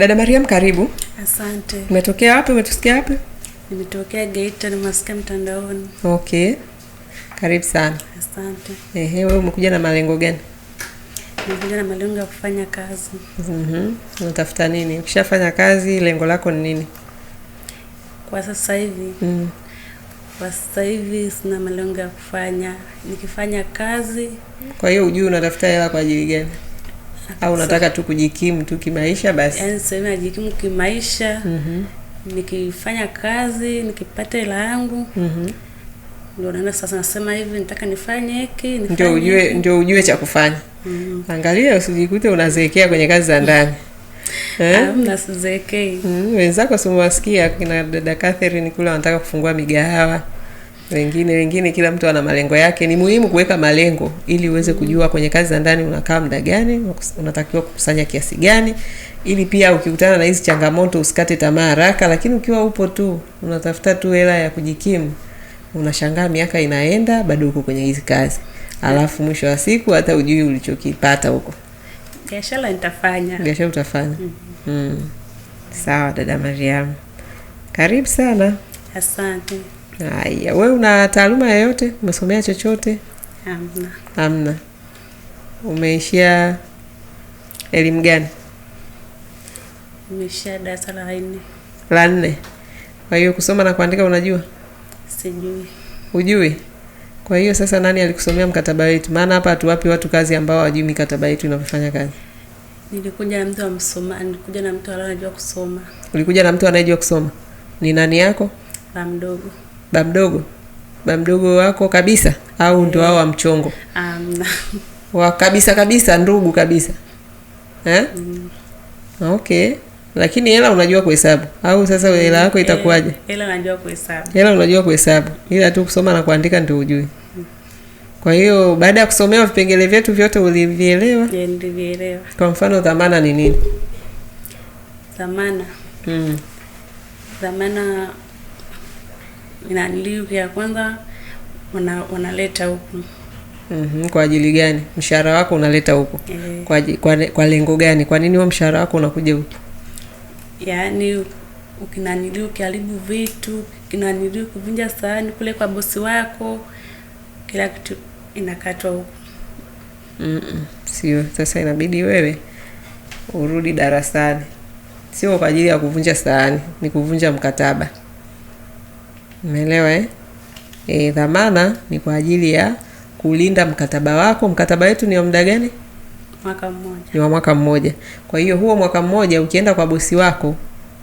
Dada Mariam, karibu. Asante. Umetokea wapi? Umetusikia wapi? Nimetokea Geita, nimesikia mtandaoni. Okay, karibu sana. Asante. Ehe, wewe umekuja na malengo gani? Nimekuja na malengo ya kufanya kazi. Mhm. Unatafuta nini? Ukishafanya kazi, lengo lako ni nini? Kwa sasa hivi mm. Kwa sasa hivi sina malengo ya kufanya, nikifanya kazi. Kwa hiyo hujui unatafuta hela kwa ajili gani? au unataka tu kujikimu tu kimaisha? Basi yaani sasa najikimu kimaisha mm -hmm. nikifanya kazi nikipata hela yangu mm -hmm. Ndio naenda sasa, nasema hivi nitaka nifanye hiki, ndio ujue, ndio ujue cha kufanya mm -hmm. Angalia usijikute unazeekea kwenye kazi za ndani eh? Mhm. wenzako, eh? mm, si umewasikia kina dada Catherine kule wanataka kufungua migahawa wengine wengine, kila mtu ana malengo yake. Ni muhimu kuweka malengo ili uweze kujua kwenye kazi za ndani unakaa muda gani, unatakiwa kukusanya kiasi gani, ili pia ukikutana na hizi changamoto usikate tamaa haraka. Lakini ukiwa upo tu unatafuta tu hela ya kujikimu, unashangaa miaka inaenda, bado uko kwenye hizi kazi, alafu mwisho wa siku hata ujui ulichokipata huko. Biashara nitafanya, biashara utafanya. mm -hmm. mm. Sawa dada Mariam, karibu sana, asante. Haya, we una taaluma yoyote? Umesomea chochote? Hamna. Hamna. Umeishia elimu gani? Umeishia darasa la nne. La nne. Kwa hiyo kusoma na kuandika unajua? Sijui. Hujui? Kwa hiyo sasa nani alikusomea mkataba wetu? Maana hapa hatuwapi watu kazi ambao hawajui mikataba yetu inavyofanya kazi. Nilikuja na mtu amsoma, nilikuja na mtu anayejua kusoma. Ulikuja na mtu anayejua kusoma? Ni nani yako? Ba mdogo ba mdogo ba mdogo wako kabisa au ndo hao wa mchongo? Um, wa kabisa kabisa, ndugu kabisa eh? Mm. Okay, lakini hela unajua kuhesabu au sasa hela yako eh, itakuwaje? Hela unajua kuhesabu, hela unajua kuhesabu, ila tu kusoma na kuandika ndio ujui Kwa hiyo baada ya kusomewa vipengele vyetu vyote ulivielewa? Kwa mfano dhamana ni nini? Dhamana. Mm. Dhamana inaniliu ya kwanza wana, wanaleta huku mm -hmm. Kwa ajili gani mshahara wako unaleta huku e? Kwa, kwa, kwa lengo gani? Kwa nini huo mshahara wako unakuja huku? Yaani ukinaniliu ukiharibu vitu, ukinaniliu kuvunja sahani kule kwa bosi wako, kila kitu inakatwa huku mm -mm. Sio sasa, inabidi wewe urudi darasani, sio kwa ajili ya kuvunja sahani, ni kuvunja mkataba Umeelewa eh? E, dhamana ni kwa ajili ya kulinda mkataba wako. Mkataba wetu ni wa muda gani? Mwaka mmoja. Ni wa mwaka mmoja. Kwa hiyo huo mwaka mmoja ukienda kwa bosi wako,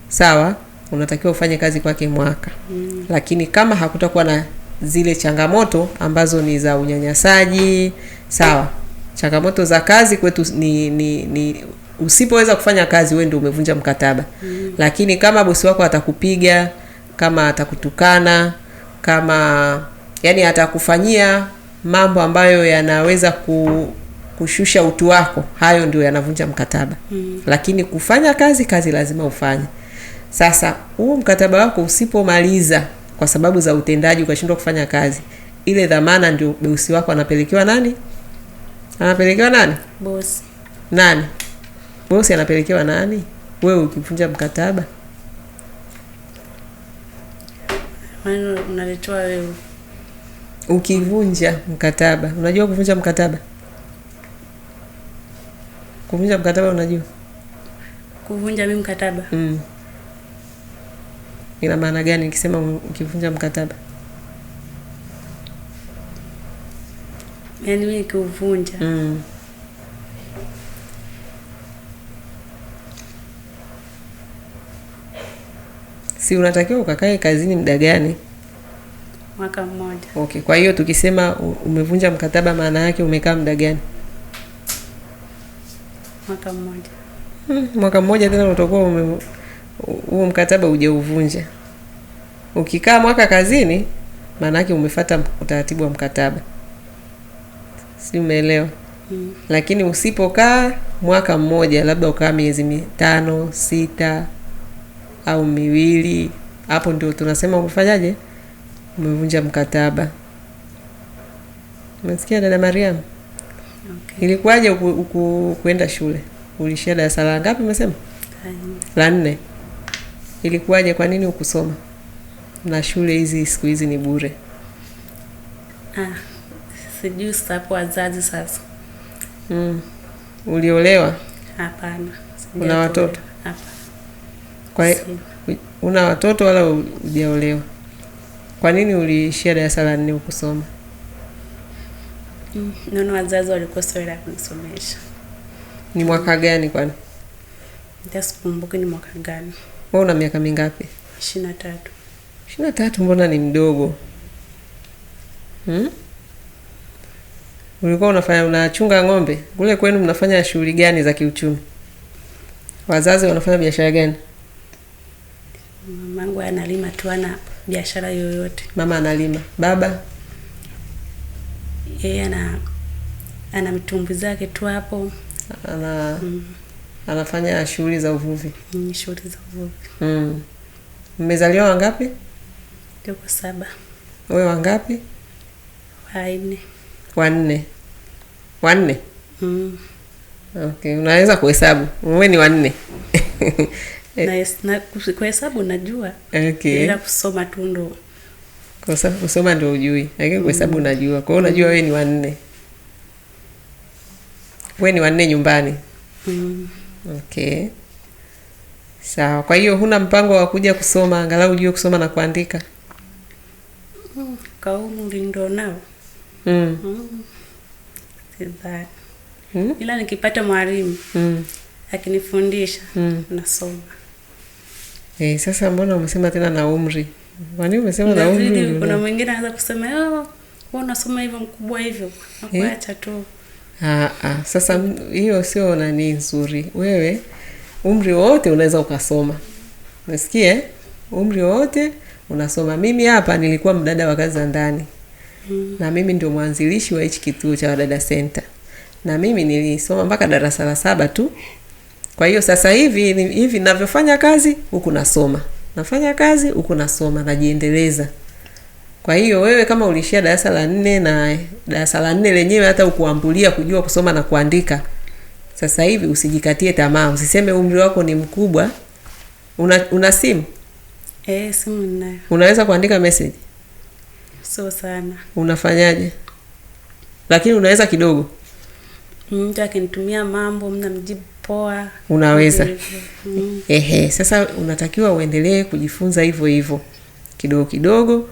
sawa, unatakiwa ufanye kazi kwake mwaka mm. Lakini kama hakutakuwa na zile changamoto ambazo ni za unyanyasaji, sawa, changamoto za kazi kwetu ni, ni, ni usipoweza kufanya kazi wewe ndio umevunja mkataba mm. Lakini kama bosi wako atakupiga kama atakutukana, kama yani atakufanyia mambo ambayo yanaweza ku, kushusha utu wako, hayo ndio yanavunja mkataba hmm. Lakini kufanya kazi, kazi lazima ufanye. Sasa huu mkataba wako usipomaliza kwa sababu za utendaji ukashindwa kufanya kazi, ile dhamana ndio bosi wako anapelekewa nani? Anapelekewa nani? Bosi. Nani? Bosi anapelekewa nani? Wewe ukivunja mkataba kwani unaletewa wewe ukivunja mkataba. Unajua kuvunja mkataba? Kuvunja mkataba unajua? Kuvunja mi mkataba mm. Ina maana gani ikisema ukivunja mkataba? Yaani mi nikiuvunja mm. si unatakiwa ukakae kazini muda gani? Mwaka mmoja. Okay, kwa hiyo tukisema umevunja mkataba maana yake umekaa muda gani? Mwaka mmoja. Hmm, mwaka mmoja tena utakuwa ume huo mkataba ujeuvunja Ukikaa mwaka kazini maana yake umefuata utaratibu wa mkataba. Si umeelewa? Hmm. Lakini usipokaa mwaka mmoja labda ukaa miezi mitano, sita au miwili, hapo ndio tunasema umefanyaje? Umevunja mkataba. Umesikia dada Mariam? Okay. Ilikuwaje kuenda shule? Ulishia darasa la ngapi umesema? La nne. Ilikuwaje? Kwa nini ukusoma? Na shule hizi siku hizi ni bure. Ah, sijui sapo wazazi sasa. Mm. Uliolewa? Hapana. Kuna watoto? Hapana. Kwa una watoto wala hujaolewa, kwa nini uliishia darasa la nne ukusoma? Mm, naona wazazi walikosa hela kunisomesha. Ni mwaka gani kwani? Ndio ni mwaka gani. Wewe una miaka mingapi? ishirini na tatu. ishirini na tatu, mbona ni mdogo hmm? Ulikuwa unafanya unachunga ng'ombe kule kwenu, mnafanya shughuli gani za kiuchumi? Wazazi wanafanya biashara gani? Mamangu analima tu, ana biashara yoyote. Mama analima, baba yeye ana ana mitumbu zake tu hapo, ana mm. anafanya shughuli za uvuvi mm, shughuli za uvuvi mm. Mmezaliwa wangapi? Tuko saba. Wewe wangapi? Wanne. Wanne. Wanne. Mm. Okay, unaweza kuhesabu. Wewe ni wanne. Eh. kuhesabu najua okay. Ila kusoma tu ndo kusoma ndo ujui, lakini kuhesabu unajua. Mm. Kwa hiyo unajua we ni wanne, wewe ni wanne nyumbani mm. Okay, sawa. Kwa hiyo huna mpango wa kuja kusoma angalau ujue kusoma na kuandika mm. ndo nao mm. Mm. Hmm? Ila nikipata mwalimu mm. akinifundisha mm. nasoma. Eh, sasa mbona umesema tena na umri? Kwani umesema na umri? Kuna mwingine anaweza kusema, "Ah, wewe unasoma hivyo mkubwa hivyo." Nakuacha eh? tu. Ah ah, sasa hiyo sio nani nzuri. Wewe umri wote unaweza ukasoma. Unasikia eh? Umri wote unasoma. Mimi hapa nilikuwa mdada wa kazi za ndani. Mm. Na mimi ndio mwanzilishi wa hichi kituo cha Wadada Center. Na mimi nilisoma mpaka darasa la saba tu kwa hiyo sasa hivi hivi ninavyofanya kazi huku nasoma, nafanya kazi huku nasoma, najiendeleza. Kwa hiyo wewe kama ulishia darasa la nne na darasa la nne lenyewe hata ukuambulia kujua kusoma na kuandika, sasa hivi usijikatie tamaa, usiseme umri wako ni mkubwa. Una, una simu e? Simu ninayo. Unaweza kuandika message? So sana. Unafanyaje? Lakini unaweza kidogo, mtu akinitumia mambo mnamjibu poa, unaweza mm-hmm. Ehe, sasa unatakiwa uendelee kujifunza hivyo hivyo kidogo kidogo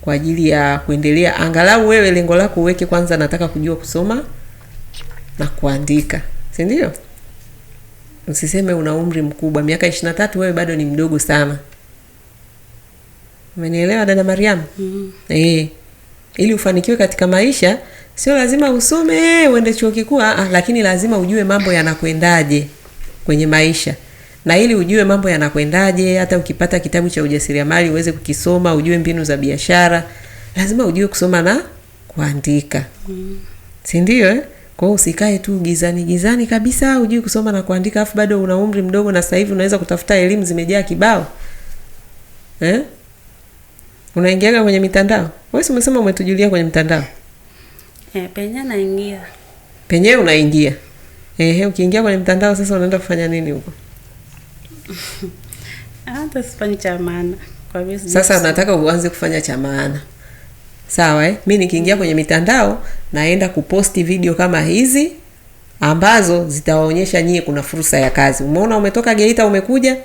kwa ajili ya kuendelea, angalau wewe lengo lako uweke kwanza, nataka kujua kusoma na kuandika, si ndio? Usiseme una umri mkubwa, miaka ishirini tatu, wewe bado ni mdogo sana. Umenielewa dada mariam mm -hmm. E, ili ufanikiwe katika maisha sio lazima usome eh, uende chuo kikuu, ah, ah, lakini lazima ujue mambo yanakwendaje kwenye maisha na ili ujue mambo yanakwendaje, hata ukipata kitabu cha ujasiriamali uweze kukisoma, ujue mbinu za biashara, lazima ujue kusoma na kuandika mm. si ndio eh? Kwa usikae tu gizani gizani kabisa, ujui kusoma na kuandika, afu bado una umri mdogo, na sasa hivi unaweza kutafuta elimu zimejaa kibao eh? Unaingiaga kwenye mitandao, wesi umesema umetujulia kwenye mitandao Eh, penye naingia. Penye unaingia. Eh, ukiingia kwenye mtandao sasa unaenda kufanya nini huko? Hata sifanyi Kwa Sasa nataka uanze kufanya cha maana. Sawa eh? Mimi nikiingia kwenye mitandao naenda kuposti video kama hizi ambazo zitawaonyesha nyie kuna fursa ya kazi. Umeona umetoka Geita umekuja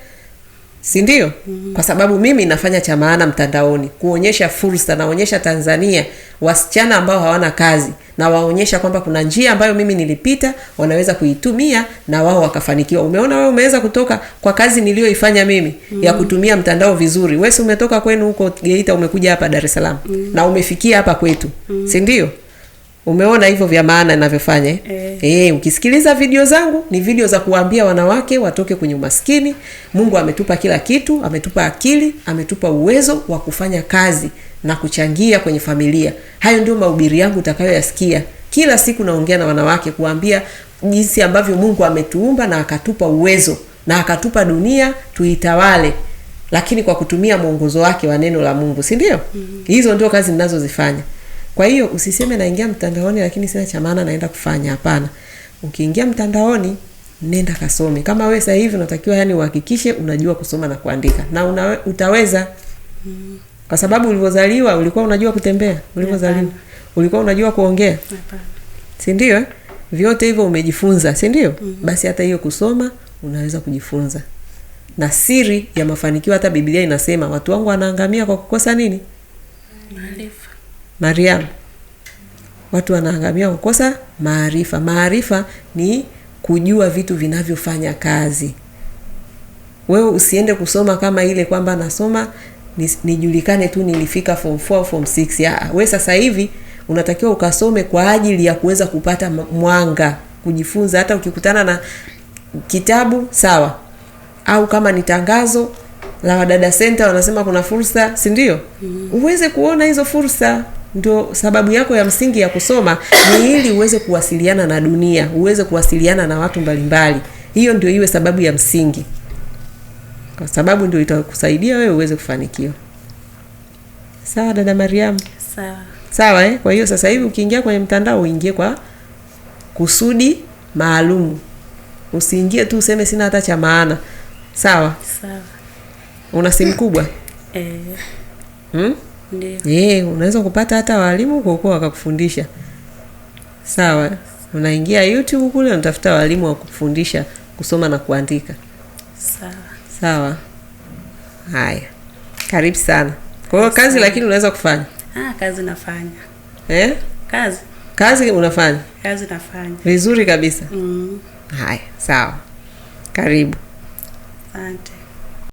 si ndio? mm-hmm. Kwa sababu mimi nafanya cha maana mtandaoni, kuonyesha fursa, naonyesha Tanzania wasichana ambao hawana kazi, na waonyesha kwamba kuna njia ambayo mimi nilipita, wanaweza kuitumia na wao wakafanikiwa. Umeona wewe umeweza kutoka kwa kazi niliyoifanya mimi mm-hmm. ya kutumia mtandao vizuri. Wewe umetoka kwenu huko Geita, umekuja hapa Dar es Salaam mm-hmm. na umefikia hapa kwetu mm-hmm. si ndio? Umeona hivyo vya maana ninavyofanya eh? E, ukisikiliza video zangu ni video za kuwaambia wanawake watoke kwenye umaskini. Mungu ametupa kila kitu, ametupa akili, ametupa uwezo wa kufanya kazi na kuchangia kwenye familia. Hayo ndio mahubiri yangu utakayoyasikia kila siku. Naongea na wanawake kuwaambia jinsi ambavyo Mungu ametuumba na akatupa uwezo na akatupa dunia tuitawale, lakini kwa kutumia mwongozo wake wa neno la Mungu, si ndio? mm -hmm. Hizo ndio kazi ninazozifanya. Kwa hiyo usiseme naingia mtandaoni lakini sina cha maana naenda kufanya. Hapana, ukiingia mtandaoni nenda kasome. Kama wewe sasa hivi unatakiwa yani uhakikishe unajua kusoma na kuandika na una, utaweza kwa sababu ulivyozaliwa ulikuwa unajua kutembea, ulivyozaliwa ulikuwa unajua kuongea, si ndio? Eh? Vyote hivyo umejifunza, si ndio? Mm-hmm. Basi hata hiyo kusoma unaweza kujifunza. Na siri ya mafanikio, hata Biblia inasema watu wangu wanaangamia kwa kukosa nini? Mariam. Watu wanaangamia kukosa maarifa. Maarifa ni kujua vitu vinavyofanya kazi. Wewe usiende kusoma kama ile kwamba nasoma nijulikane tu nilifika form 4 form 6. ya we sasa hivi unatakiwa ukasome kwa ajili ya kuweza kupata mwanga, kujifunza. Hata ukikutana na kitabu sawa, au kama ni tangazo la Wadada Center wanasema kuna fursa, si ndio? Mm-hmm. Uweze kuona hizo fursa ndio sababu yako ya msingi ya kusoma ni ili uweze kuwasiliana na dunia, uweze kuwasiliana na watu mbalimbali. Hiyo ndio iwe sababu ya msingi, kwa sababu ndio itakusaidia wewe uweze kufanikiwa. Sawa dada Mariam? Sawa, sawa eh? Kwa hiyo sasa hivi ukiingia kwenye mtandao uingie kwa kusudi maalumu, usiingie tu useme sina hata cha maana. Sawa, sawa. Una simu kubwa? Eh. Hmm? yeah, unaweza kupata hata walimu kuokuwa wakakufundisha sawa. Unaingia YouTube kule unatafuta walimu wa kufundisha kusoma na kuandika sawa. Sawa, haya, karibu sana. Kwa hiyo kazi, lakini unaweza kufanya ah, kazi nafanya eh? kazi kazi unafanya kazi nafanya vizuri kabisa mm. Haya, sawa, karibu. Asante.